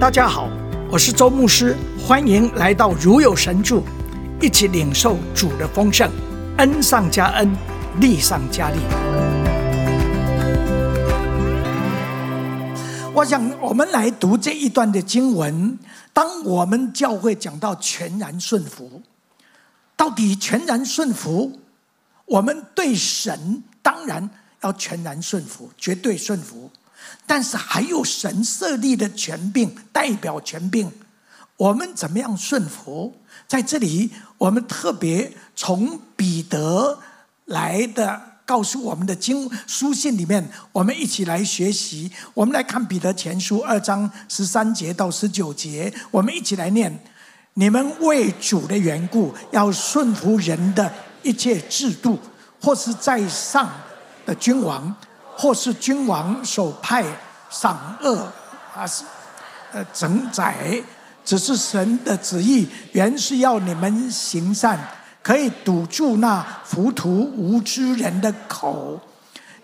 大家好，我是周牧師，歡迎來到如有神助，一起領受主的豐盛，恩上加恩，力上加力。我想，我們來讀這一段的經文。當我們教會講到全然順服，到底全然順服？我們對神當然要全然順服，絕對順服。但是還有神設立的權柄，代表權柄，我們怎麼樣順服？在這裡，我們特別從彼得來的告訴我們的經書信裡面，我們一起來學習。我們來看彼得前書二章十三節到十九節，我們一起來念：你們為主的緣故，要順服人的一切制度，或是在上的君王。或是君王所派賞惡，還是呃臣宰。只是神的旨意，原是要你們行善，可以堵住那糊塗無知人的口。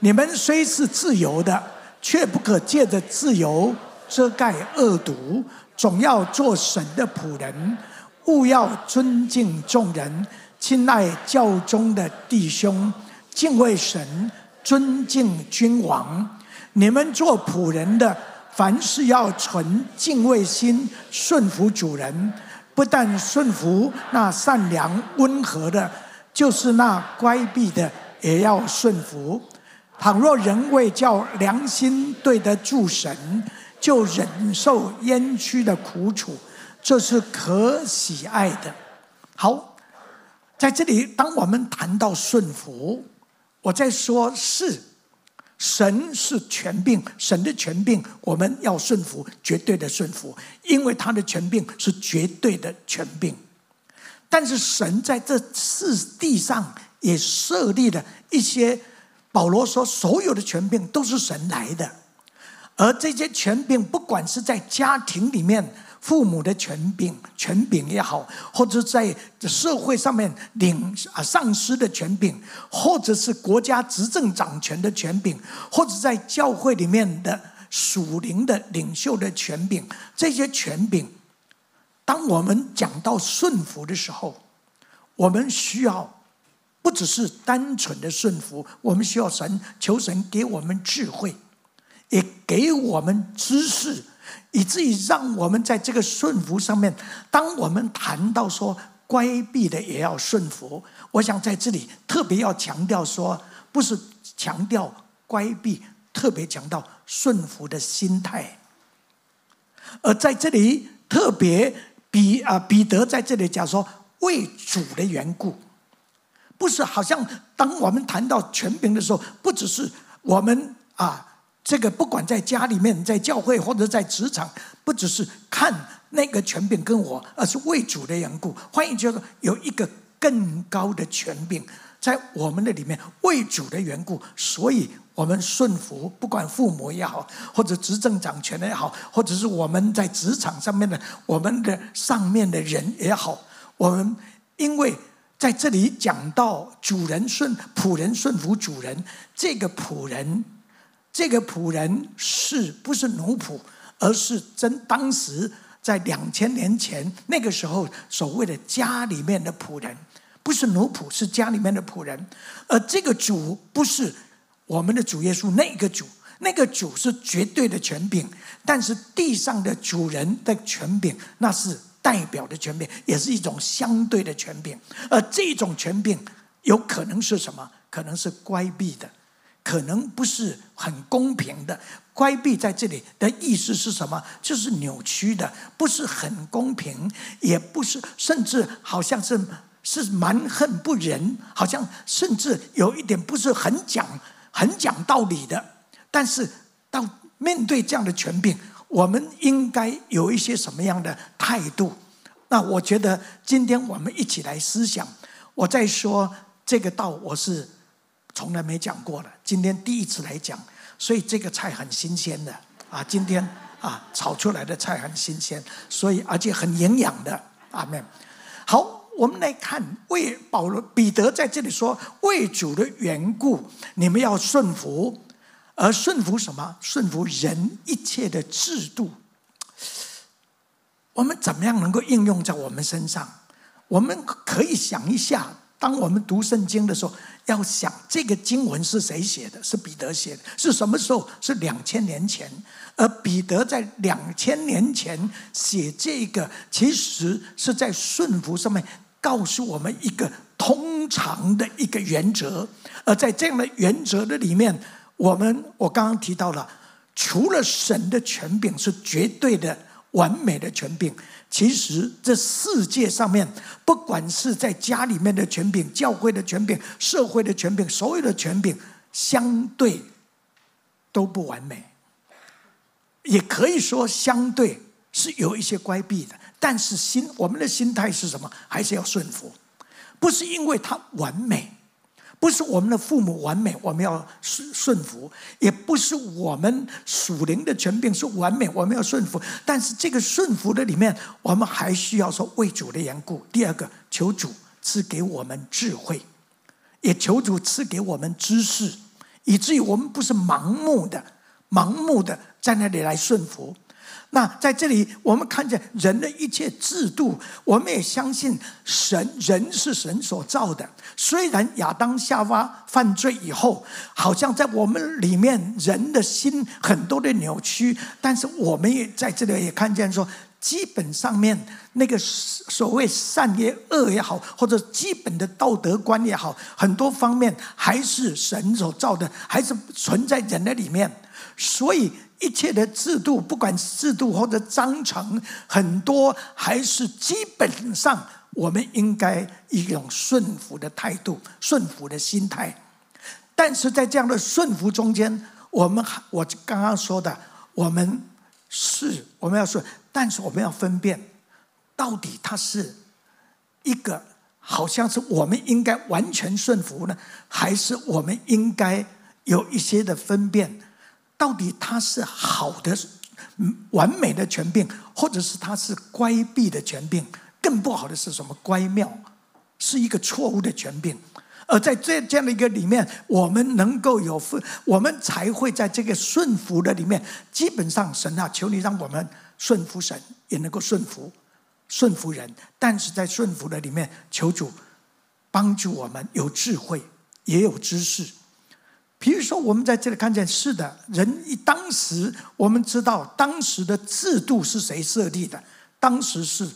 你們雖是自由的，卻不可借着自由遮蓋惡毒，總要做神的僕人，務要尊敬眾人，親愛教中的弟兄，敬畏神。尊敬君王，你們做僕人的，凡事要存敬畏心，順服主人。不但順服那善良溫和的，就是那乖僻的也要順服。倘若人為叫良心對得住神，就忍受冤屈的苦楚，這是可喜愛的。好，在這裡，當我們談到順服。我在說，是神是權柄，神的權柄，我們要順服，絕對的順服，因為他的權柄是絕對的權柄。但是神在這世地上也設立了一些，保羅說，所有的權柄都是神來的，而這些權柄，不管是在家庭裡面。父母的權柄，權柄也好，或者在社會上面領啊上司的權柄，或者是國家執政掌權的權柄，或者在教會裡面的屬靈的領袖的權柄，這些權柄，當我們講到順服的時候，我們需要不只是單純的順服，我們需要神求神給我們智慧，也給我們知識。以至於讓我們在這個順服上面，當我們談到說乖僻的也要順服，我想在這裡特別要強調說，不是強調乖僻，特別強調順服的心態。而在這裡，特別彼啊彼得在這裡講說為主的緣故，不是好像當我們談到權柄的時候，不只是我們啊。這個不管在家裡面，在教會或者在職場，不只是看那個權柄跟我，而是為主的緣故。歡迎就是有一個更高的權柄在我們的裡面，為主的緣故，所以我們順服，不管父母也好，或者執政掌權的也好，或者是我們在職場上面的我們的上面的人也好，我們因為在這裡講到主人順僕人順服主人，這個僕人。這個僕人是不是奴僕，而是真當時在兩千年前那個時候所謂的家裡面的僕人，不是奴僕，是家裡面的僕人。而這個主不是我們的主耶穌，那個主，那個主是絕對的權柄，但是地上的主人的權柄，那是代表的權柄，也是一種相對的權柄。而這種權柄，有可能是什麼？可能是乖僻的。可能不是很公平的，乖僻在這裡的意思是什麼？就是扭曲的，不是很公平，也不是，甚至好像是是蠻橫不仁，好像甚至有一點不是很講、很講道理的。但是，到面對這樣的權柄，我們應該有一些什麼樣的態度？那我覺得，今天我們一起來思想。我在說這個道，我是。從來沒講過了，今天第一次來講，所以這個菜很新鮮的啊！今天啊，炒出來的菜很新鮮，所以而且很營養的。阿們。好，我們來看，為保羅彼得在這裡說，為主的緣故，你們要順服，而順服什麼？順服人一切的制度。我們怎麼樣能夠應用在我們身上？我們可以想一下，當我們讀聖經的時候。要想這個經文是誰寫的？是彼得寫的。是什麼時候？是兩千年前。而彼得在兩千年前寫這個，其實是在順服上面告訴我們一個通常的一個原則。而在這樣的原則的裡面，我們我剛剛提到了，除了神的權柄是絕對的，完美的權柄，其實這世界上面，不管是在家裡面的權柄、教會的權柄、社會的權柄、所有的權柄，相對都不完美，也可以說相對是有一些乖僻的。但是心，我們的心態是什麼？還是要順服，不是因為它完美。不是我們的父母完美，我們要順順服；也不是我們屬靈的權柄是完美，我們要順服。但是這個順服的裡面，我們還需要說為主的緣故。第二個，求主賜給我們智慧，也求主賜給我們知識，以至於我們不是盲目的、盲目的在那裡來順服。那在這裡，我們看見人的一切制度，我們也相信神，人是神所造的。雖然亞當夏娃犯罪以後，好像在我們裡面人的心很多的扭曲，但是我們也在這裡也看見說，基本上面那個所謂善也好，惡也好，或者基本的道德觀也好，很多方面還是神所造的，還是存在人的裡面。所以一切的制度，不管制度或者章程，很多還是基本上，我們應該一種順服的態度、順服的心態。但是在這樣的順服中間，我們我剛剛說的，我們是我們要順，但是我們要分辨，到底它是一個好像是我們應該完全順服呢，還是我們應該有一些的分辨？到底它是好的、完美的權柄，或者是它是乖僻的權柄？更不好的是什麼？乖謬是一個錯誤的權柄。而在這樣的一個裡面，我們能夠有份，我們才會在這個順服的裡面，基本上神啊，求你讓我們順服神，也能夠順服順服人。但是在順服的裡面，求主幫助我們有智慧，也有知識。比如說，我們在這裡看見是的，人一當時，我們知道當時的制度是誰設立的？當時是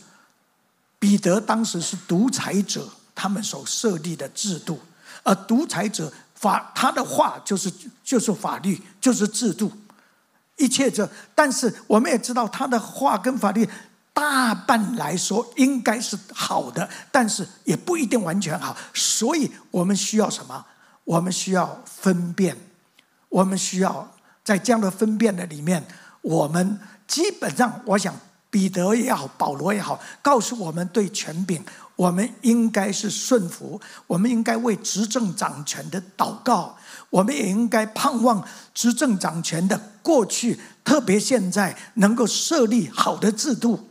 彼得，當時是獨裁者，他們所設立的制度。而獨裁者法，他的話就是就是法律，就是制度，一切者。但是我們也知道，他的話跟法律大半來說應該是好的，但是也不一定完全好。所以我們需要什麼？我們需要分辨，我們需要在這樣的分辨的裡面，我們基本上我想，彼得也好，保羅也好，告訴我們對權柄，我們應該是順服，我們應該為執政掌權的禱告，我們也應該盼望執政掌權的過去，特別現在能夠設立好的制度，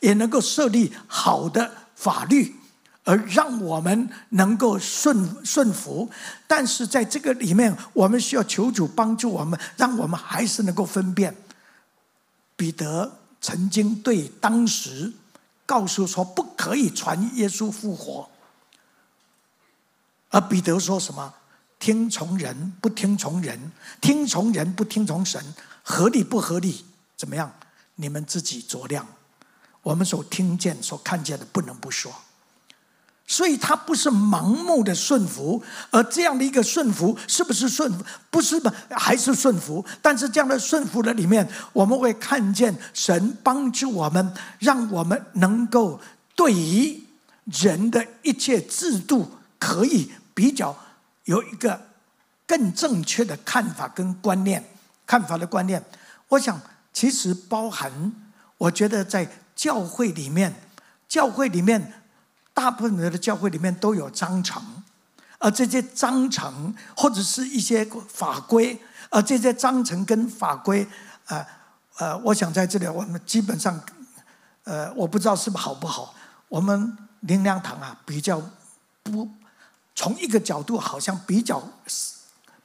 也能夠設立好的法律。而讓我們能夠順順服，但是在這個裡面，我們需要求主幫助我們，讓我們還是能夠分辨。彼得曾經對當時告訴說：“不可以傳耶穌復活。”而彼得說什麼？聽從人不聽從人，聽從人不聽從神，合理不合理？怎麼樣？你們自己酌量。我們所聽見、所看見的，不能不說。所以，他不是盲目的順服，而這樣的一個順服，是不是順服？不是吧？還是順服？但是，這樣的順服的裡面，我們會看見神幫助我們，讓我們能夠對於人的一切制度，可以比較有一個更正確的看法跟觀念。看法的觀念，我想其實包含，我覺得在教會裡面，教會裡面。大部分的教會裡面都有章程，而這些章程或者是一些法規，而這些章程跟法規，呃呃，我想在這裡我們基本上，呃，我不知道是不是好不好。我們靈糧堂啊，比較不從一個角度，好像比較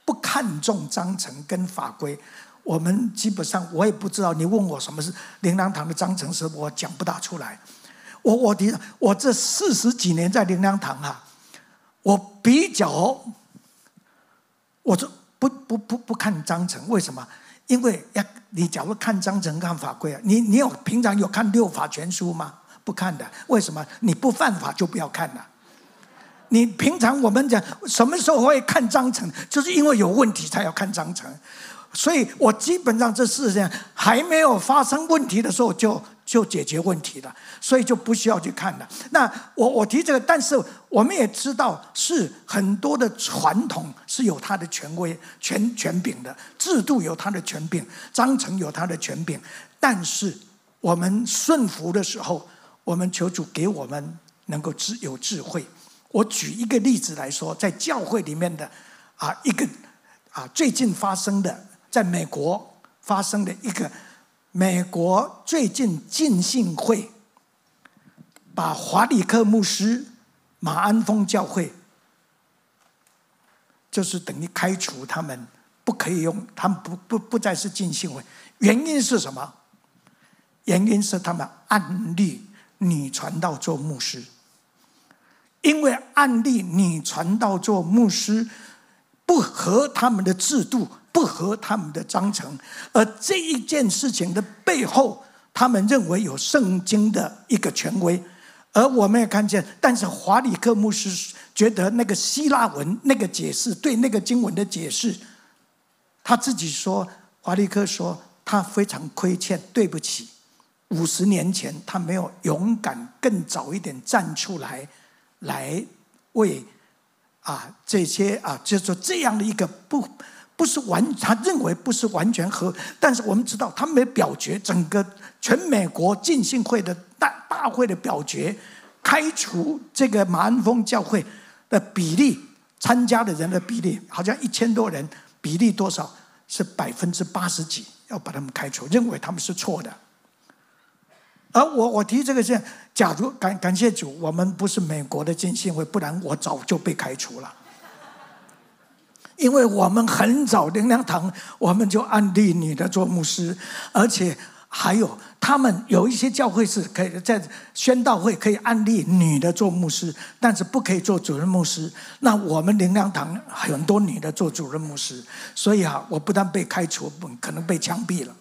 不看重章程跟法規。我們基本上我也不知道，你問我什麼是靈糧堂的章程，是我講不大出來。我我提，我這四十幾年在靈糧堂哈、啊，我比較，我就不不不不看章程，為什麼？因為要你假如看章程看法規啊，你你有平常有看六法全書嗎？不看的，為什麼？你不犯法就不要看了。你平常我們講什麼時候會看章程，就是因為有問題才要看章程。所以我基本上這事情還沒有發生問題的時候就，就就解決問題了，所以就不需要去看了。那我我提這個，但是我們也知道，是很多的傳統是有它的權威、權權柄的，制度有它的權柄，章程有它的權柄。但是我們順服的時候，我們求主給我們能夠智有智慧。我舉一個例子來說，在教會裡面的啊，一個啊，最近發生的。在美國發生了一個，美國最近浸信會把華里克牧師馬鞍峰教會，就是等於開除他們，不可以用，他們不不不再是浸信會。原因是什麼？原因是他們按立女傳道做牧師，因為按立女傳道做牧師不合他們的制度。不合他們的章程，而這一件事情的背後，他們認為有聖經的一個權威，而我們也看見。但是華理克牧師覺得那個希臘文那個解釋對那個經文的解釋，他自己說，華理克說他非常虧欠，對不起，五十年前他沒有勇敢更早一點站出來，來為啊這些啊就是這樣的一個不。不是完，他認為不是完全合，但是我們知道他沒表決，整個全美國浸信會的大大會的表決，開除這個馬鞍峰教會的比例，參加的人的比例，好像一千多人，比例多少是百分之八十幾，要把他們開除，認為他們是錯的。而我我提這個是，假如感感謝主，我們不是美國的浸信會，不然我早就被開除了。因為我們很早靈糧堂，我們就按立女的做牧師，而且還有他們有一些教會是可以，在宣道會可以按立女的做牧師，但是不可以做主任牧師。那我們靈糧堂很多女的做主任牧師，所以啊，我不但被開除，可能被槍斃了。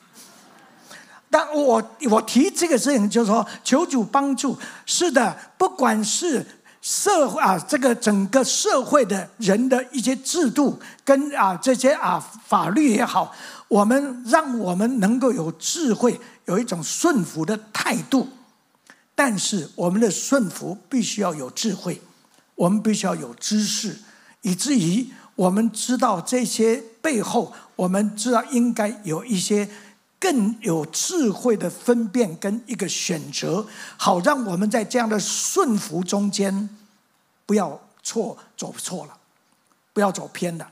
但我我提這個事情，就是說求主幫助。是的，不管是。社會啊，這個整個社會的人的一些制度跟啊這些啊法律也好，我們讓我們能夠有智慧，有一種順服的態度。但是我們的順服必須要有智慧，我們必須要有知識，以至於我們知道這些背後，我們知道應該有一些。更有智慧的分辨跟一個選擇，好讓我們在這樣的順服中間，不要錯，走錯了，不要走偏了。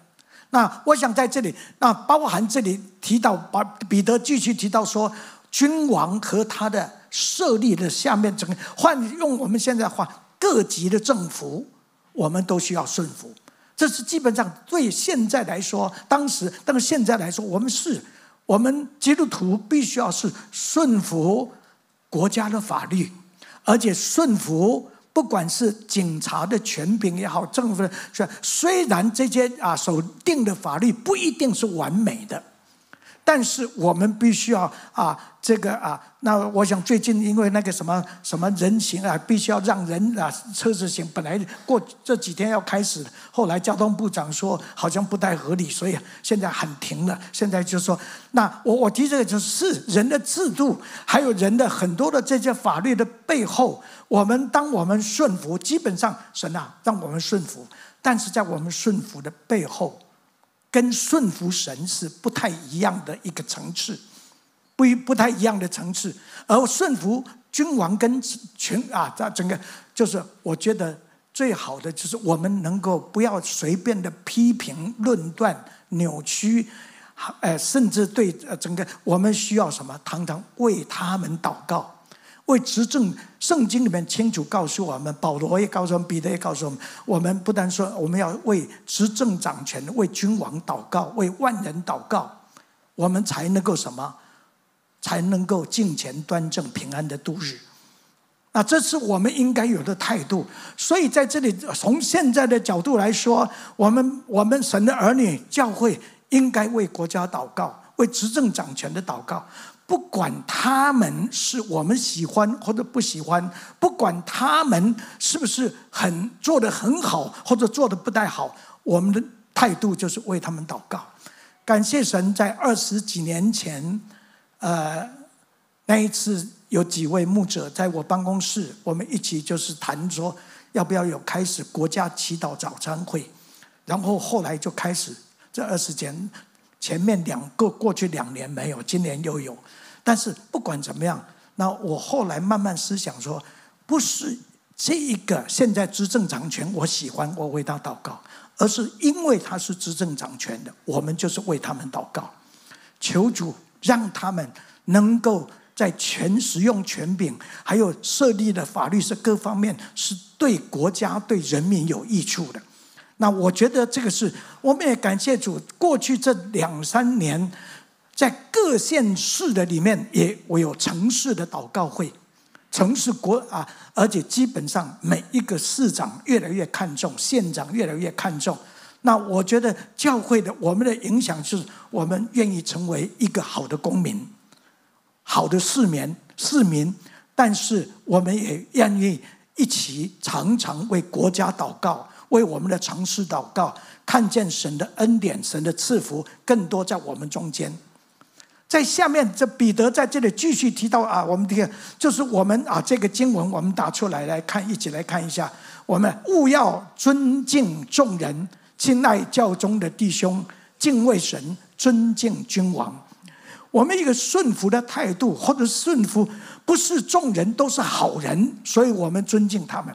那我想在這裡，那包含這裡提到把彼得繼續提到說，君王和他的設立的下面整個換用我們現在的話，各級的政府，我們都需要順服。這是基本上對現在來說，當時，但是現在來說，我們是。我們基督徒必須要是順服國家的法律，而且順服不管是警察的權柄也好，政府的，雖然這些啊所定的法律不一定是完美的。但是我們必須要啊，這個啊，那我想最近因為那個什麼什麼人行啊，必須要讓人啊車子行，本來過這幾天要開始，後來交通部長說好像不太合理，所以現在喊停了。現在就說，那我我提這個就是，是人的制度，還有人的很多的這些法律的背後，我們當我們順服，基本上神啊讓我們順服，但是在我們順服的背後。跟順服神是不太一樣的一個層次，不，不不太一樣的層次。而順服君王跟群啊，這整個就是我覺得最好的，就是我們能夠不要隨便的批評論斷、扭曲，呃，甚至對整個我們需要什麼，常常為他們禱告。為執政，聖經裡面清楚告訴我們，保羅也告訴我們，彼得也告訴我們，我們不但說我們要為執政掌權、為君王禱告、為萬人禱告，我們才能夠什麼？才能夠敬虔端正、平安的度日。那這是我們應該有的態度。所以在這裡，從現在的角度來說，我們我們神的兒女教會應該為國家禱告，為執政掌權的禱告。不管他們是我們喜歡或者不喜歡，不管他們是不是很做得很好或者做得不太好，我們的態度就是為他們禱告，感謝神在二十幾年前，呃，那一次有幾位牧者在我辦公室，我們一起就是談說要不要有開始國家祈禱早餐會，然後後來就開始這二十年，前面兩個過去兩年沒有，今年又有。但是不管怎麼樣，那我後來慢慢思想說，不是這一個現在執政掌權，我喜歡我為他禱告，而是因為他是執政掌權的，我們就是為他們禱告，求主讓他們能夠在全使用權柄，還有設立的法律是各方面是對國家對人民有益處的。那我覺得這個是，我們也感謝主，過去這兩三年。在各縣市的裡面，也我有城市的禱告會，城市國啊，而且基本上每一個市長越來越看重，縣長越來越看重。那我覺得教會的我們的影響，就是我們願意成為一個好的公民，好的市民，市民，但是我們也願意一起常常為國家禱告，為我們的城市禱告，看見神的恩典、神的賜福更多在我們中間。在下面，這彼得在這裡繼續提到啊，我們這個就是我們啊，這個經文我們打出來來看，一起來看一下。我們務要尊敬眾人，親愛教中的弟兄，敬畏神，尊敬君王。我們一個順服的態度，或者順服不是眾人都是好人，所以我們尊敬他們，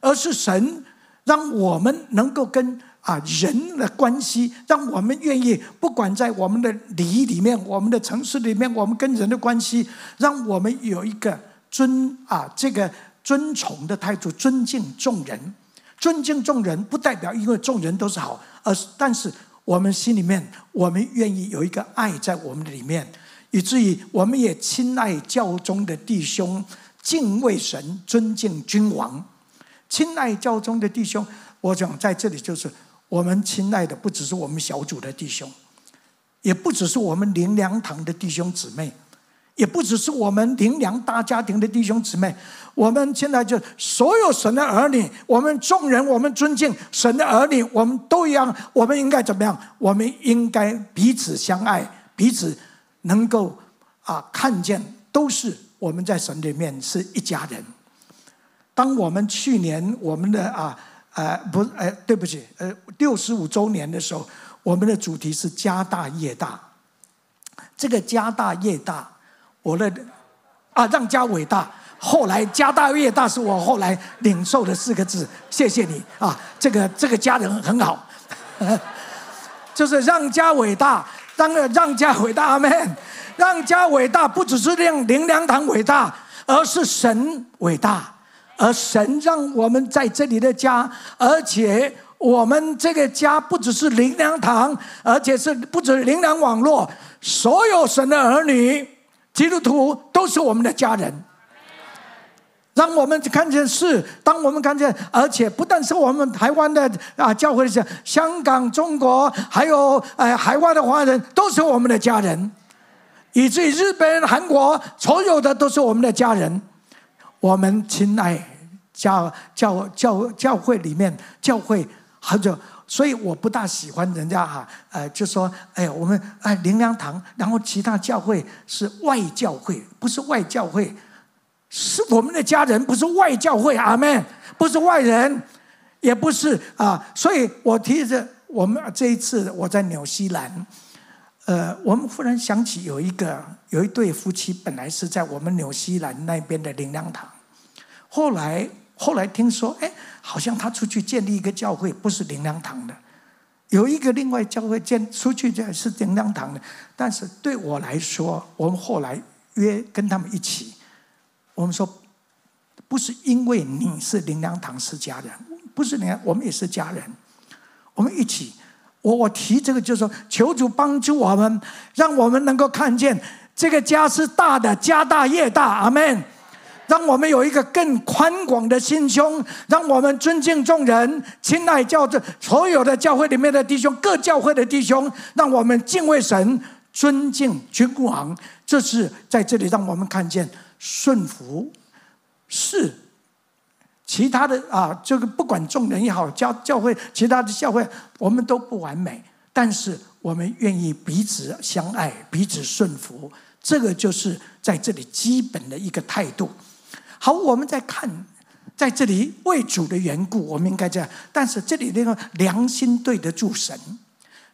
而是神讓我們能夠跟。啊，人的關係，讓我們願意，不管在我們的禮儀裡面，我們的城市裡面，我們跟人的關係，讓我們有一個尊，啊，這個尊崇的態度，尊敬眾人，尊敬眾人，不代表因為眾人都是好，而是但是我們心裡面，我們願意有一個愛在我們的裡面，以至於我們也親愛教中的弟兄，敬畏神，尊敬君王，親愛教中的弟兄，我想在這裡就是。我們親愛的，不只是我們小組的弟兄，也不只是我們靈糧堂的弟兄姊妹，也不只是我們靈糧大家庭的弟兄姊妹。我們現在就所有神的兒女，我們眾人，我們尊敬神的兒女，我們都一樣。我們應該怎麼樣？我們應該彼此相愛，彼此能夠啊，看見都是我們在神裡面是一家人。當我們去年我們的啊。呃，不，呃，對不起，呃，六十五周年的時候，我們的主題是家大業大。這個家大業大，我的啊，讓家偉大。後來家大業大是我後來領受的四個字，謝謝你啊，這個這個家人很好呵呵。就是讓家偉大，讓讓家偉大，阿門。讓家偉大，Amen, 讓家偉大不只是令靈糧堂偉大，而是神偉大。而神讓我們在這裡的家，而且我們這個家不只是靈糧堂，而且是不止靈糧網絡，所有神的兒女、基督徒都是我們的家人。讓我們看見是，當我們看見，而且不但是我們台灣的啊教會的，香港、中國，還有呃海外的華人都是我們的家人，以至於日本、韓國，所有的都是我們的家人。我們親愛教教教教會裡面教會很久，所以我不大喜歡人家哈呃就說哎我們哎靈糧堂，然後其他教會是外教會，不是外教會，是我們的家人，不是外教會，阿門，不是外人，也不是啊、呃，所以我提着我們這一次我在紐西蘭，呃，我們忽然想起有一個有一對夫妻本來是在我們紐西蘭那邊的靈糧堂。後來，後來聽說，哎，好像他出去建立一個教會，不是靈糧堂的。有一個另外個教會建出去，這是靈糧堂的。但是對我來說，我們後來約跟他們一起，我們說，不是因為你是靈糧堂是家人，不是靈糧，我們也是家人。我們一起，我我提這個就是說，求主幫助我們，讓我們能夠看見這個家是大的，家大業大。阿門。讓我們有一個更寬廣的心胸，讓我們尊敬眾人，親愛教中，所有的教會裡面的弟兄，各教會的弟兄，讓我們敬畏神，尊敬君王。這是在這裡讓我們看見順服。是其他的啊，這個不管眾人也好，教教會其他的教會，我們都不完美，但是我們願意彼此相愛，彼此順服。這個就是在這裡基本的一個態度。好，我們再看，在這裡為主的緣故，我們應該這樣。但是這裡那個良心對得住神，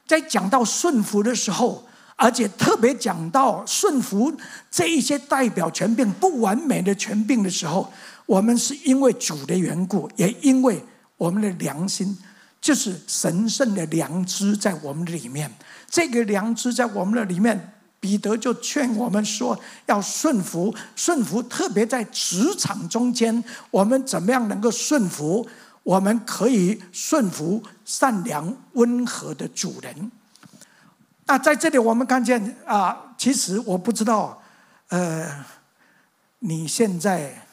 在講到順服的時候，而且特別講到順服這一些代表權柄不完美的權柄的時候，我們是因為主的緣故，也因為我們的良心，就是神聖的良知在我們的裡面。這個良知在我們的裡面。彼得就勸我們說：“要順服，順服。特別在職場中間，我們怎麼樣能夠順服？我們可以順服善良溫和的主人。那在這裡，我們看見啊，其實我不知道，呃，你現在，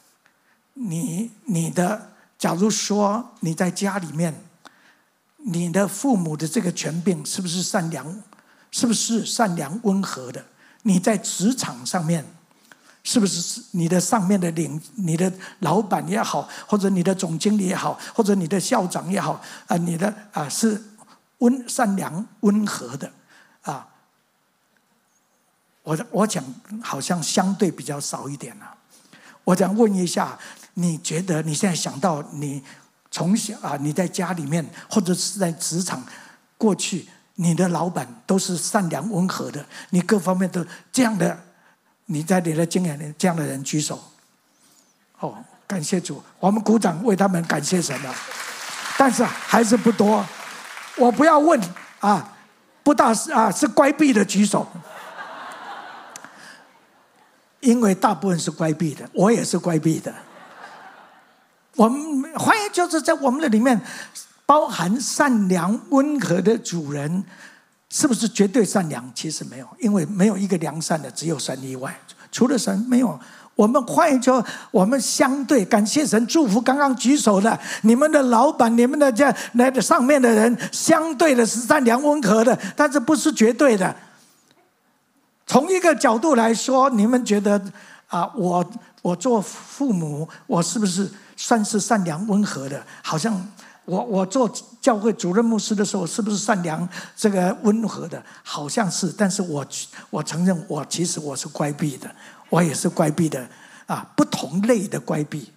你你的，假如說你在家裡面，你的父母的這個權柄是不是善良？”是不是善良溫和的？你在職場上面，是不是你的上面的領，你的老板也好，或者你的總經理也好，或者你的校長也好，啊，你的啊是溫善良溫和的啊？我我講好像相對比較少一點了。我想問一下，你覺得你現在想到你從小啊，你在家裡面或者是在職場過去？你的老闆都是善良溫和的，你各方面都這樣的，你在你的經驗裡這樣的人舉手，哦，感謝主，我們鼓掌為他們感謝什麼？但是、啊、還是不多，我不要問啊，不大是啊，是乖僻的舉手，因為大部分是乖僻的，我也是乖僻的，我們歡迎就是在我們的裡面。包含善良溫和的主人，是不是絕對善良？其實沒有，因為沒有一個良善的，只有神以外。除了神，沒有。我們快就，我們相對感謝神祝福。剛剛舉手的，你們的老闆，你們的這來的上面的人，相對的是善良溫和的，但是不是絕對的。從一個角度來說，你們覺得啊，我我做父母，我是不是算是善良溫和的？好像。我我做教會主任牧師的時候，是不是善良、這個溫和的？好像是，但是我我承認我，我其實我是乖僻的，我也是乖僻的啊，不同類的乖僻。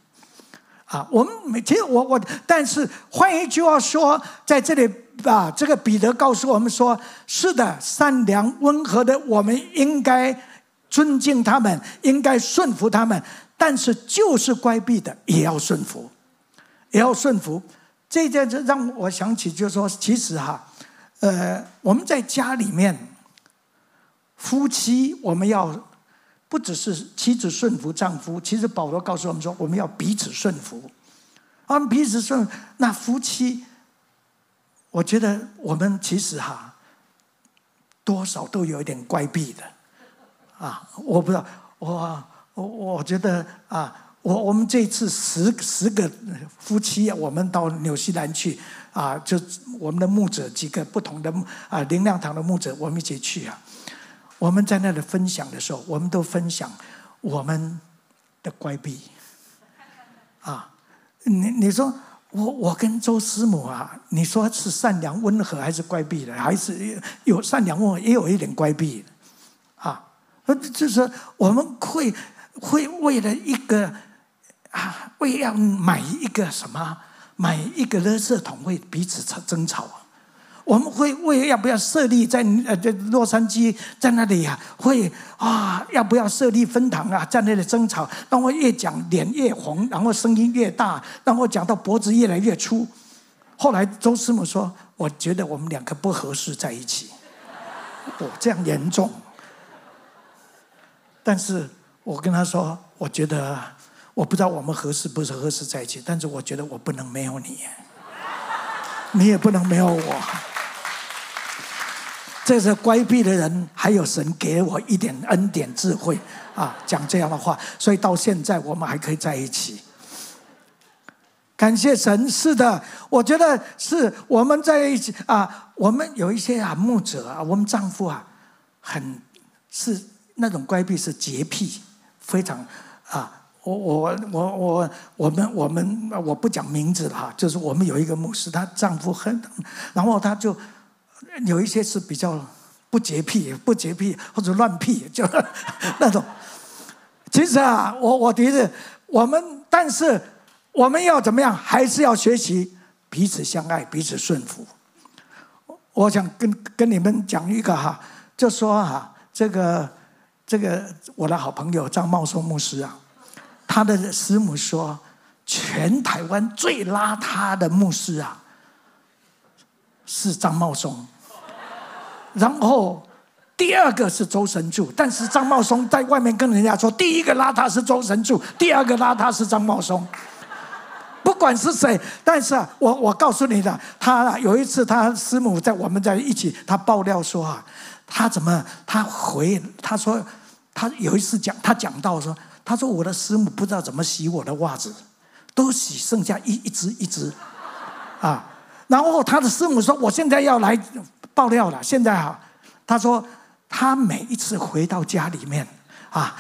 啊，我們每天我我，但是換一句話說，在這裡啊，這個彼得告訴我們說：是的，善良溫和的，我們應該尊敬他們，應該順服他們，但是就是乖僻的，也要順服，也要順服。這件事讓我想起，就是說其實哈、啊，呃，我們在家裡面，夫妻我們要不只是妻子順服丈夫，其實保羅告訴我們說，我們要彼此順服。我、啊、彼此順服，那夫妻，我覺得我們其實哈、啊，多少都有一點乖僻的，啊，我不知道，我我我覺得啊。我我們這次十十個夫妻，我們到紐西蘭去啊，就我們的牧者幾個不同的啊靈糧堂的牧者，我們一起去啊。我們在那裡分享的時候，我們都分享我們的乖僻啊。你你說我我跟周師母啊，你說是善良溫和還是乖僻的，還是有善良溫和，也有一點乖僻啊？那就是我們會會為了一個。啊，為要買一個什麼，買一個垃圾桶，為彼此爭爭吵、啊。我們會為要不要設立在呃在洛杉磯，在那裡啊，會啊要不要設立分堂啊，在那裡爭吵。當我越講臉越紅，然後聲音越大，當我講到脖子越來越粗，後來周師母說：“我覺得我們兩個不合適在一起。”哦，我這樣嚴重，但是我跟他說：“我覺得。”我不知道我們合適不是合適在一起，但是我覺得我不能沒有你，你也不能沒有我。這是乖僻的人，還有神給我一點恩典、智慧啊，講這樣的話，所以到現在我們還可以在一起。感謝神，是的，我覺得是我們在一起啊。我們有一些啊，牧者啊，我們丈夫啊，很是那種乖僻，是潔癖，非常啊。我我我我我們我們我不講名字了哈，就是我們有一個牧師，她丈夫很，然後她就有一些是比較不潔癖、不潔癖或者亂癖，就那種。其實啊，我我的意思我們但是我們要怎麼樣，還是要學習彼此相愛、彼此順服。我想跟跟你們講一個哈，就說哈，這個這個我的好朋友張茂松牧師啊。他的師母說：“全台灣最邋遢的牧師啊，是張茂松。”然後第二個是周神助，但是張茂松在外面跟人家說：“第一個邋遢是周神助，第二個邋遢是張茂松。”不管是誰，但是、啊、我我告訴你的，他、啊、有一次他師母在我們在一起，他爆料說啊，他怎麼他回他說他有一次講他講到說。他說：“我的師母不知道怎麼洗我的襪子，都洗剩下一一隻一隻，啊！然後他的師母說：‘我現在要來爆料了。’現在啊，他說他每一次回到家裡面。”啊，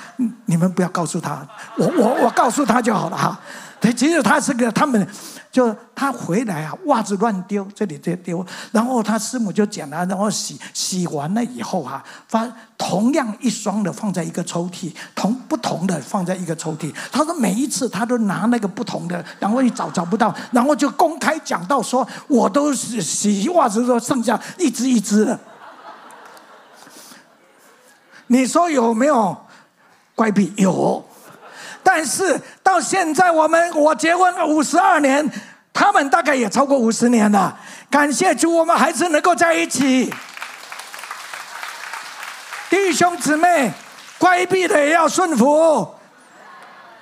你們不要告訴他，我我我告訴他就好了哈。他、啊、其實他是個，他們就他回來啊，襪子亂丟，這裡在丟。然後他師母就撿了，然後洗洗完了以後哈、啊，發同樣一雙的放在一個抽屜，同不同的放在一個抽屜。他說每一次他都拿那個不同的，然後你找找不到，然後就公開講到說，我都是洗襪子的時候剩下一隻一隻的。你說有沒有？乖僻有，但是到現在，我們我結婚五十二年，他們大概也超過五十年了。感謝主，我們還是能夠在一起。弟兄姊妹，乖僻的也要順服。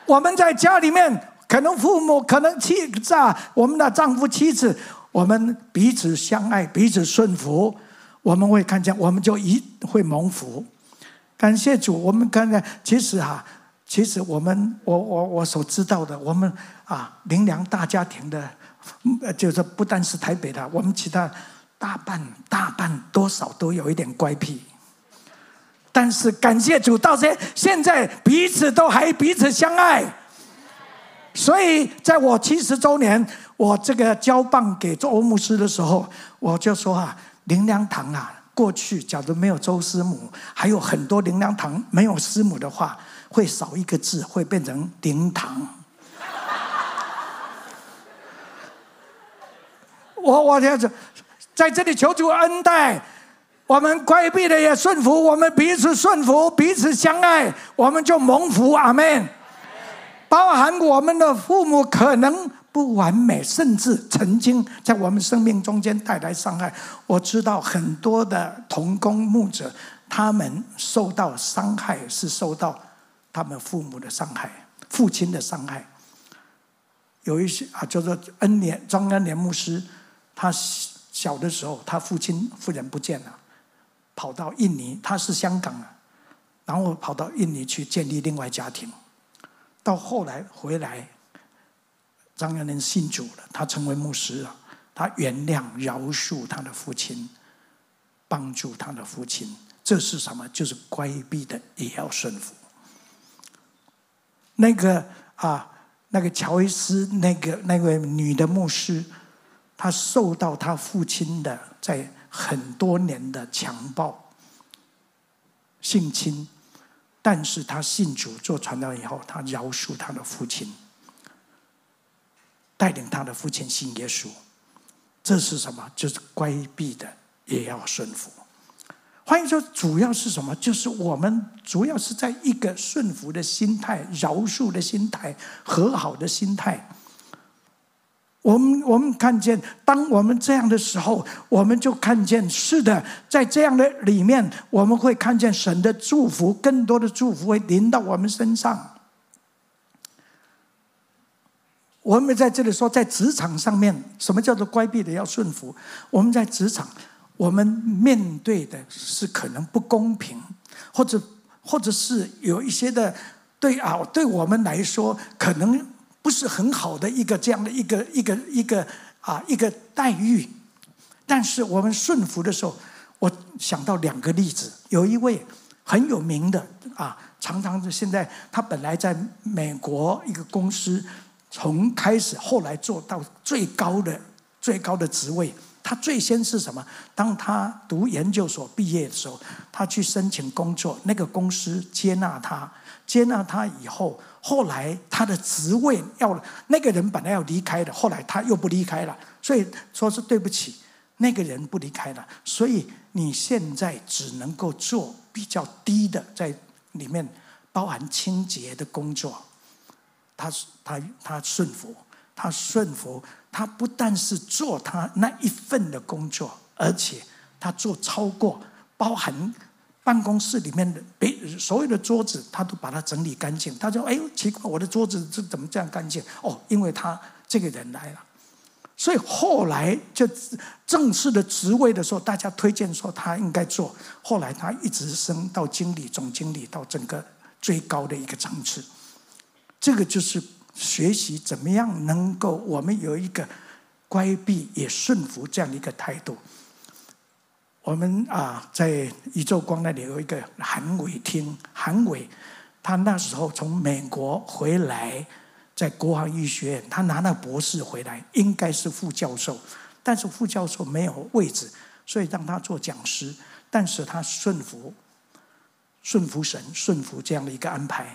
我們在家裡面，可能父母可能欺詐我們的丈夫妻子，我們彼此相愛，彼此順服，我們會看見，我們就一會蒙福。感謝主，我們剛才其實哈、啊，其實我們我我我所知道的，我們啊靈糧大家庭的，就是不單是台北的，我們其他大半大半多少都有一點乖僻，但是感謝主到現，到這現在彼此都還彼此相愛，所以在我七十周年，我這個交棒給周牧師的時候，我就說啊，靈糧堂啊。過去，假如沒有周師母，還有很多靈糧堂沒有師母的話，會少一個字，會變成靈堂。 我我在這在這裡求主恩待，我們乖僻的也順服，我們彼此順服，彼此相愛，我們就蒙福。阿門。包含我們的父母可能。不完美，甚至曾經在我們生命中間帶來傷害。我知道很多的同工牧者，他們受到傷害是受到他們父母的傷害，父親的傷害。有一些啊，叫做恩年張恩年牧師，他小的時候他父親夫人不見了，跑到印尼，他是香港啊，然後跑到印尼去建立另外家庭，到後來回來。張耀林信主了，他成為牧師了。他原諒、饒恕他的父親，幫助他的父親。這是什麼？就是乖僻的也要順服。那個啊，那個喬伊斯，那個那位女的牧師，她受到她父親的在很多年的強暴、性侵，但是她信主做傳道以後，她饒恕她的父親。帶領他的父親信耶穌，這是什麼？就是乖僻的也要順服。歡迎說，主要是什麼？就是我們主要是在一個順服的心態、饒恕的心態、和好的心態。我們我們看見，當我們這樣的時候，我們就看見是的，在這樣的裡面，我們會看見神的祝福，更多的祝福會臨到我們身上。我們在這裡說，在職場上面，什麼叫做乖僻的要順服？我們在職場，我們面對的是可能不公平，或者或者是有一些的對啊，對我們來說可能不是很好的一個這樣的一個一個一個、一個啊一個待遇。但是我們順服的時候，我想到兩個例子，有一位很有名的啊，常常是現在他本來在美國一個公司。從開始，後來做到最高的最高的職位，他最先是什麼？當他讀研究所畢業的時候，他去申請工作，那個公司接納他，接納他以後，後來他的職位要，那個人本來要離開的，後來他又不離開了，所以說是對不起，那個人不離開了，所以你現在只能夠做比較低的，在裡面包含清潔的工作。他他他順服，他順服，他不但是做他那一份的工作，而且他做超過，包含辦公室裡面的所有的桌子，他都把它整理乾淨。他說：“哎呦，奇怪，我的桌子這怎麼這樣乾淨？”哦，因為他這個人來了，所以後來就正式的職位的時候，大家推薦說他應該做。後來他一直升到經理、總經理，到整個最高的一個層次。這個就是學習怎麼樣能夠我們有一個關閉也順服這樣的一個態度。我們啊，在宇宙光那裡有一個韓偉，聽韓偉，他那時候從美國回來，在國航醫學院，他拿那博士回來，應該是副教授，但是副教授沒有位置，所以讓他做講師，但是他順服，順服神，順服這樣的一個安排。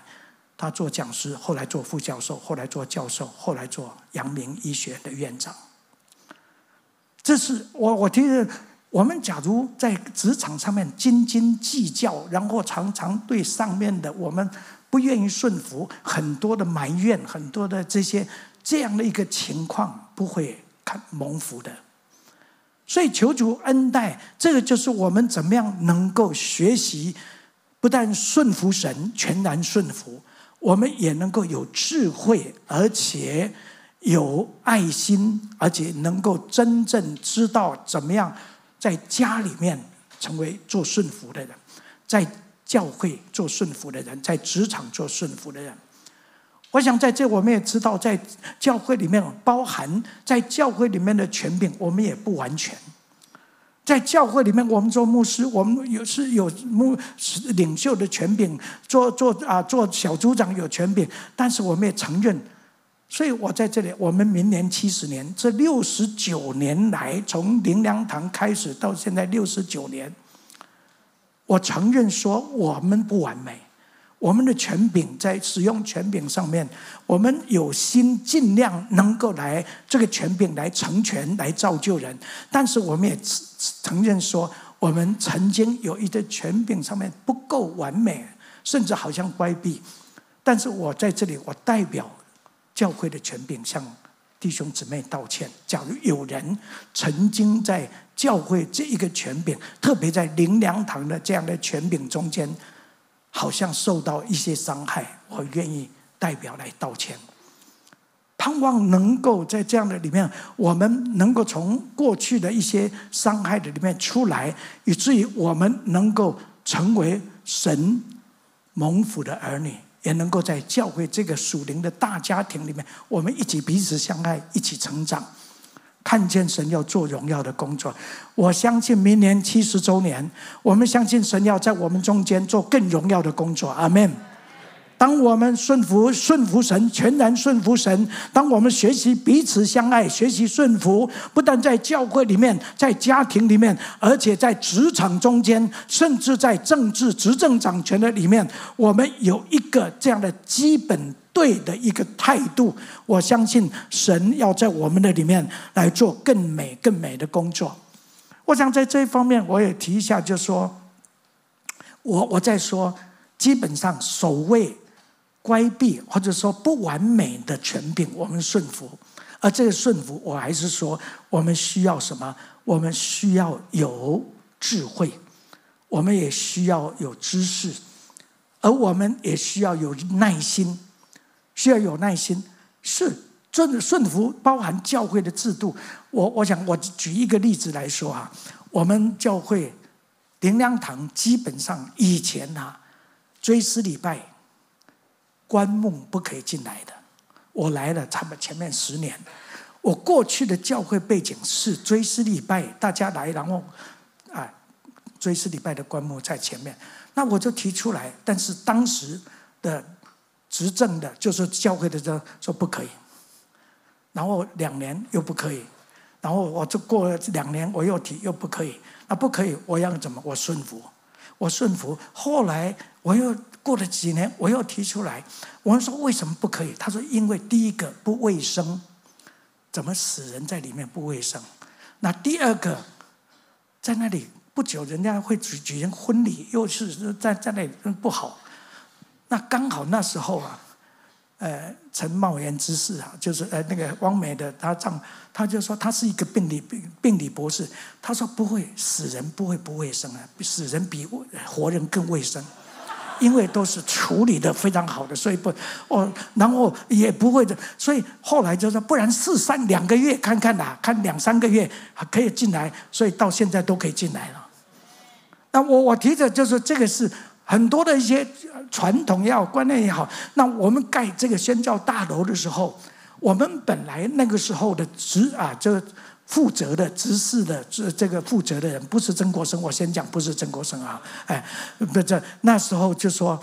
他做講師，後來做副教授，後來做教授，後來做陽明醫學的院長。這是我我聽，我們假如在職場上面斤斤計較，然後常常對上面的我們不願意順服，很多的埋怨，很多的這些這樣的一個情況，不會蒙福的。所以求主恩待，這個就是我們怎麼樣能夠學習，不但順服神，全然順服。我們也能夠有智慧，而且有愛心，而且能夠真正知道怎麼樣在家裡面成為做順服的人，在教會做順服的人，在職場做順服的人。我想在這，我們也知道，在教會裡面包含在教會裡面的權柄，我們也不完全。在教會裡面，我們做牧師，我們有是有牧領袖的權柄，做做啊做小組長有權柄，但是我們也承認，所以我在這裡，我們明年七十年，這六十九年來，從靈糧堂開始到現在六十九年，我承認說我們不完美。我們的權柄在使用權柄上面，我們有心盡量能夠來這個權柄來成全、來造就人。但是我們也承認說，我們曾經有一個權柄上面不夠完美，甚至好像乖僻。但是我在這裡，我代表教會的權柄向弟兄姊妹道歉。假如有人曾經在教會這一個權柄，特別在靈糧堂的這樣的權柄中間，好像受到一些傷害，我願意代表來道歉。盼望能夠在這樣的裡面，我們能夠從過去的一些傷害的裡面出來，以至於我們能夠成為神蒙福的兒女，也能夠在教會這個屬靈的大家庭裡面，我們一起彼此相愛，一起成長。看見神要做榮耀的工作，我相信明年七十週年，我們相信神要在我們中間做更榮耀的工作。阿門。當我們順服，順服神，全然順服神。當我們學習彼此相愛，學習順服，不但在教會裡面，在家庭裡面，而且在職場中間，甚至在政治執政掌權的裡面，我們有一個這樣的基本對的一個態度。我相信神要在我們的裡面來做更美更美的工作。我想在這一方面，我也提一下，就是說，我我在說，基本上首位，乖僻，或者說不完美的權柄，我們順服，而這個順服，我還是說，我們需要什麼？我們需要有智慧，我們也需要有知識，而我們也需要有耐心。需要有耐心，是這個順服包含教會的制度。我我想，我舉一個例子來說啊，我們教會靈糧堂基本上以前啊，追思禮拜。棺木不可以進來的，我來了，差不多前面十年，我過去的教會背景是追思禮拜，大家來，然後啊，追思禮拜的棺木在前面，那我就提出來，但是當時的執政的，就是教會的，說說不可以，然後兩年又不可以，然後我就過了兩年，我又提又不可以，那不可以，我要怎麼？我順服，我順服，後來我又。過了幾年，我又提出來，我們說為什麼不可以？他說：“因為第一個不衛生，怎麼死人在裡面不衛生？那第二個，在那裡不久，人家會舉舉行婚禮，又是在在那裡不好。那剛好那時候啊，呃，陳茂元執事啊，就是呃那個汪梅的他丈，他就說他是一個病理病病理博士，他說不會死人，不會不衛生啊，比死人比活人更衛生。”因為都是處理的非常好的，所以不，哦，然後也不會的，所以後來就是，不然試三兩個月看看啊，看兩三個月還可以進來，所以到現在都可以進來了。那我我提着就是這個是很多的一些傳統也好，觀念也好，那我們蓋這個宣教大樓的時候，我們本來那個時候的職啊，這。負責的、執事的這這個負責的人，不是曾國生，我先講不是曾國生啊，哎，不是，那時候就說，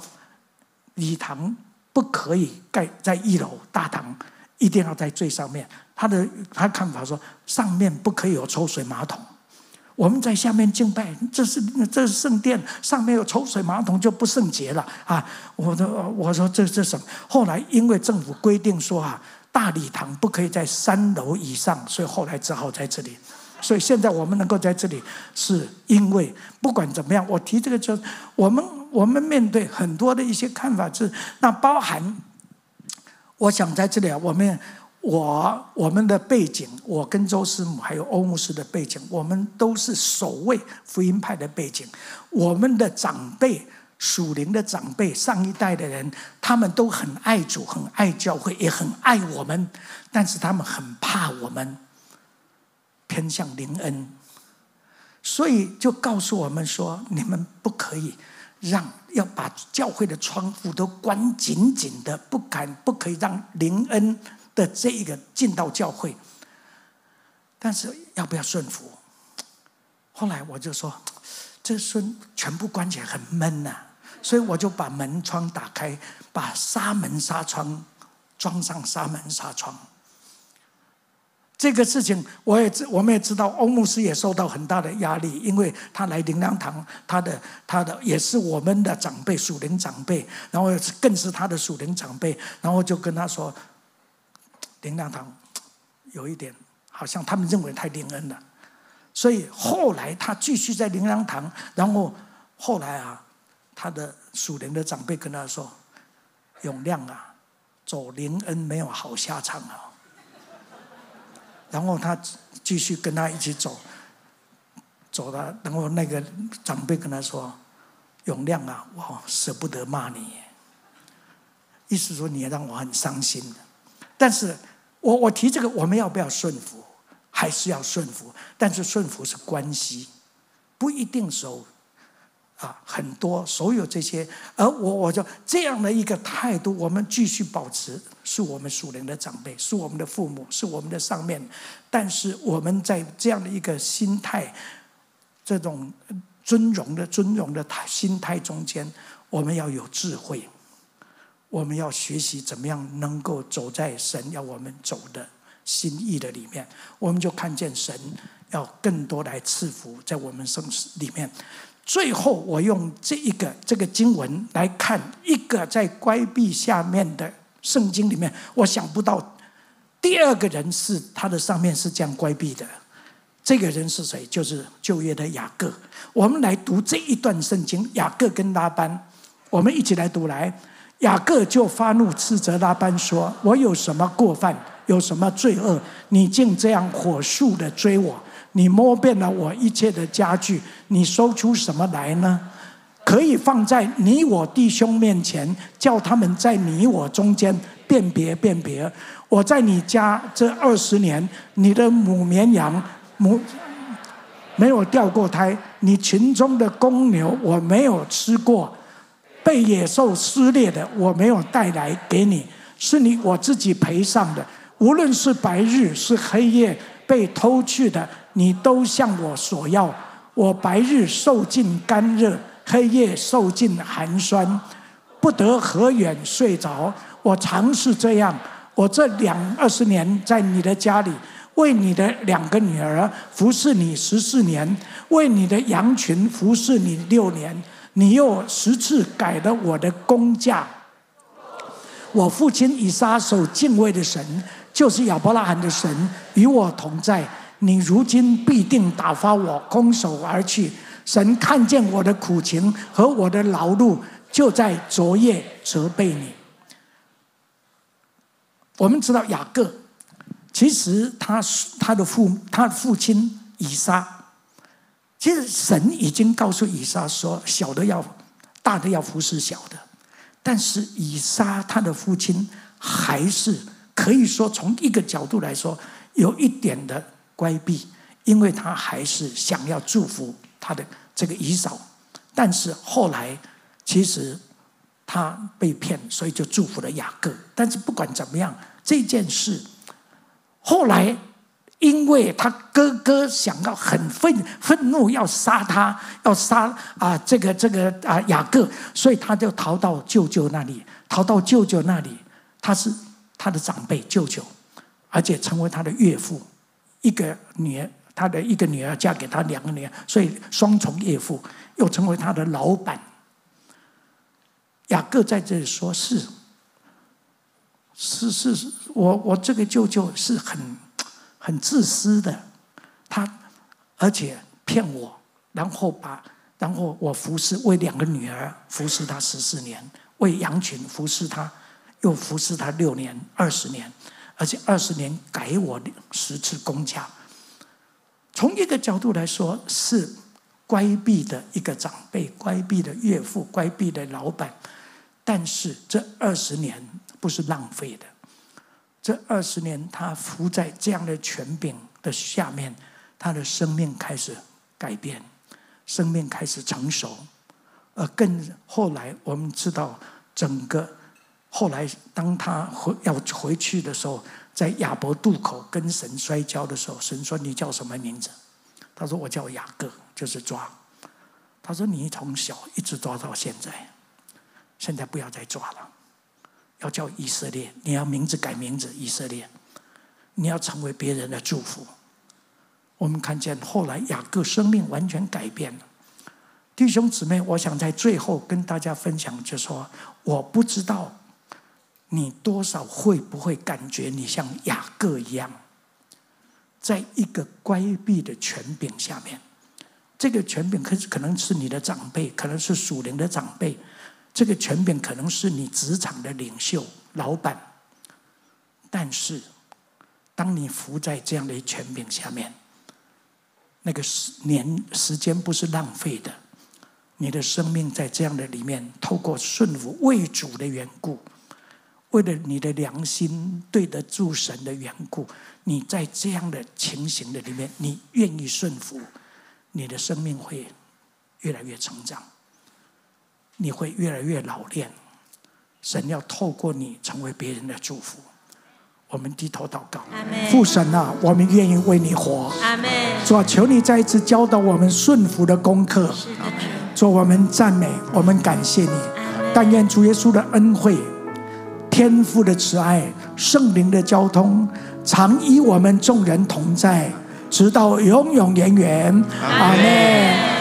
禮堂不可以蓋在一樓，大堂一定要在最上面。他的他看法說，上面不可以有抽水馬桶。我們在下面敬拜，這是這是聖殿，上面有抽水馬桶就不聖潔了啊！我說我說這是什麼？後來因為政府規定說啊。大禮堂不可以在三樓以上，所以後來只好在這裡。所以現在我們能夠在這裡，是因為不管怎麼樣，我提這個就是，我們我們面對很多的一些看法是，那包含，我想在這裡啊，我們我我們的背景，我跟周師母還有歐牧師的背景，我們都是守衛福音派的背景，我們的長輩。屬靈的長輩、上一代的人，他們都很愛主、很愛教會，也很愛我們，但是他們很怕我們偏向靈恩，所以就告訴我們說：“你們不可以讓，要把教會的窗戶都關緊緊的，不敢不可以讓靈恩的這一個進到教會。”但是要不要順服？後來我就說：“這順全部關起來很悶吶、啊。”所以我就把門窗打開，把紗門紗窗裝上紗門紗窗。這個事情我也我們也知道，歐牧師也受到很大的壓力，因為他來靈糧堂，他的他的也是我們的長輩屬靈長輩，然後更是他的屬靈長輩，然後就跟他說：“靈糧堂有一點好像他們認為太靈恩了。”所以後來他繼續在靈糧堂，然後後來啊。他的屬靈的長輩跟他說：“永亮啊，走靈恩沒有好下場啊、哦。”然後他繼續跟他一起走，走了。然後那個長輩跟他說：“永亮啊，我捨不得罵你，意思說你讓我很傷心的。但是我我提這個，我們要不要順服？還是要順服？但是順服是關係，不一定走。”啊，很多所有這些，而我，我就這樣的一個態度，我們繼續保持，是我們屬靈的長輩，是我們的父母，是我們的上面。但是我們在這樣的一個心態，這種尊榮的尊榮的心態中間，我們要有智慧，我們要學習怎麼樣能夠走在神要我們走的心意的裡面，我們就看見神要更多來賜福在我們生死裡面。最後，我用這一個這個經文來看一個在乖僻下面的聖經裡面，我想不到第二個人是他的上面是這樣乖僻的。這個人是誰？就是舊約的雅各。我們來讀這一段聖經，雅各跟拉班，我們一起來讀。來，雅各就發怒斥責拉班說：“我有什麼過犯，有什麼罪惡，你竟這樣火速地追我？”你摸遍了我一切的家具，你搜出什麼來呢？可以放在你我弟兄面前，叫他們在你我中間辨別辨別。我在你家這二十年，你的母綿羊母沒有掉過胎，你群中的公牛我沒有吃過，被野獸撕裂的我沒有帶來給你，是你我自己賠上的。無論是白日是黑夜被偷去的。你都向我索要，我白日受盡乾熱，黑夜受盡寒酸，不得何遠睡着。我常是這樣。我這兩二十年在你的家裡，為你的兩個女兒服侍你十四年，為你的羊群服侍你六年。你又十次改了我的工價。我父親以撒所敬畏的神，就是亞伯拉罕的神，與我同在。你如今必定打發我空手而去，神看見我的苦情和我的勞碌，就在昨夜責備你。我們知道雅各，其實他他的父他的父親以撒，其實神已經告訴以撒說：小的要，大的要服侍小的。但是以撒他的父親還是可以說，從一個角度來說，有一點的。關閉，因為他還是想要祝福他的這個以掃，但是後來其實他被騙，所以就祝福了雅各。但是不管怎麼樣，這件事後來，因為他哥哥想要很憤憤怒，要殺他，要殺啊這個這個啊雅各，所以他就逃到舅舅那裡，逃到舅舅那裡，他是他的長輩舅舅，而且成為他的岳父。一個女兒，他的一個女兒嫁給他，兩個女兒，所以雙重岳父又成為他的老板。雅各在這裡說：“是，是是，我我這個舅舅是很很自私的，他而且騙我，然後把然後我服侍為兩個女兒服侍他十四年，為羊群服侍他，又服侍他六年二十年。年”而且二十年改我十次工價，從一個角度來說，是乖僻的一個長輩、乖僻的岳父、乖僻的老闆，但是這二十年不是浪費的，這二十年他伏在這樣的權柄的下面，他的生命開始改變，生命開始成熟，而更後來我們知道整個。後來，當他回要回去的時候，在雅博渡口跟神摔跤的時候，神說：“你叫什麼名字？”他說：“我叫雅各，就是抓。”他說：“你從小一直抓到現在，現在不要再抓了，要叫以色列。你要名字改名字，以色列，你要成為別人的祝福。”我們看見後來雅各生命完全改變了。弟兄姊妹，我想在最後跟大家分享就是，就說我不知道。你多少會不會感覺你像雅各一樣，在一個乖僻的權柄下面？這個權柄可可能是你的長輩，可能是屬靈的長輩，這個權柄可能是你職場的領袖、老板。但是，當你伏在這樣的一權柄下面，那個時年時間不是浪費的。你的生命在這樣的裡面，透過順服為主的緣故。為了你的良心對得住神的緣故，你在這樣的情形的裡面，你願意順服，你的生命會越來越成長，你會越來越老練。神要透過你成為別人的祝福。我們低頭禱告，父神啊，我們願意為你活。阿們。主啊，求你再一次教導我們順服的功課。主，我們讚美，我們感謝你。但願主耶穌的恩惠，天父的慈愛，聖靈的交通，常與我們眾人同在，直到永永遠遠。阿門。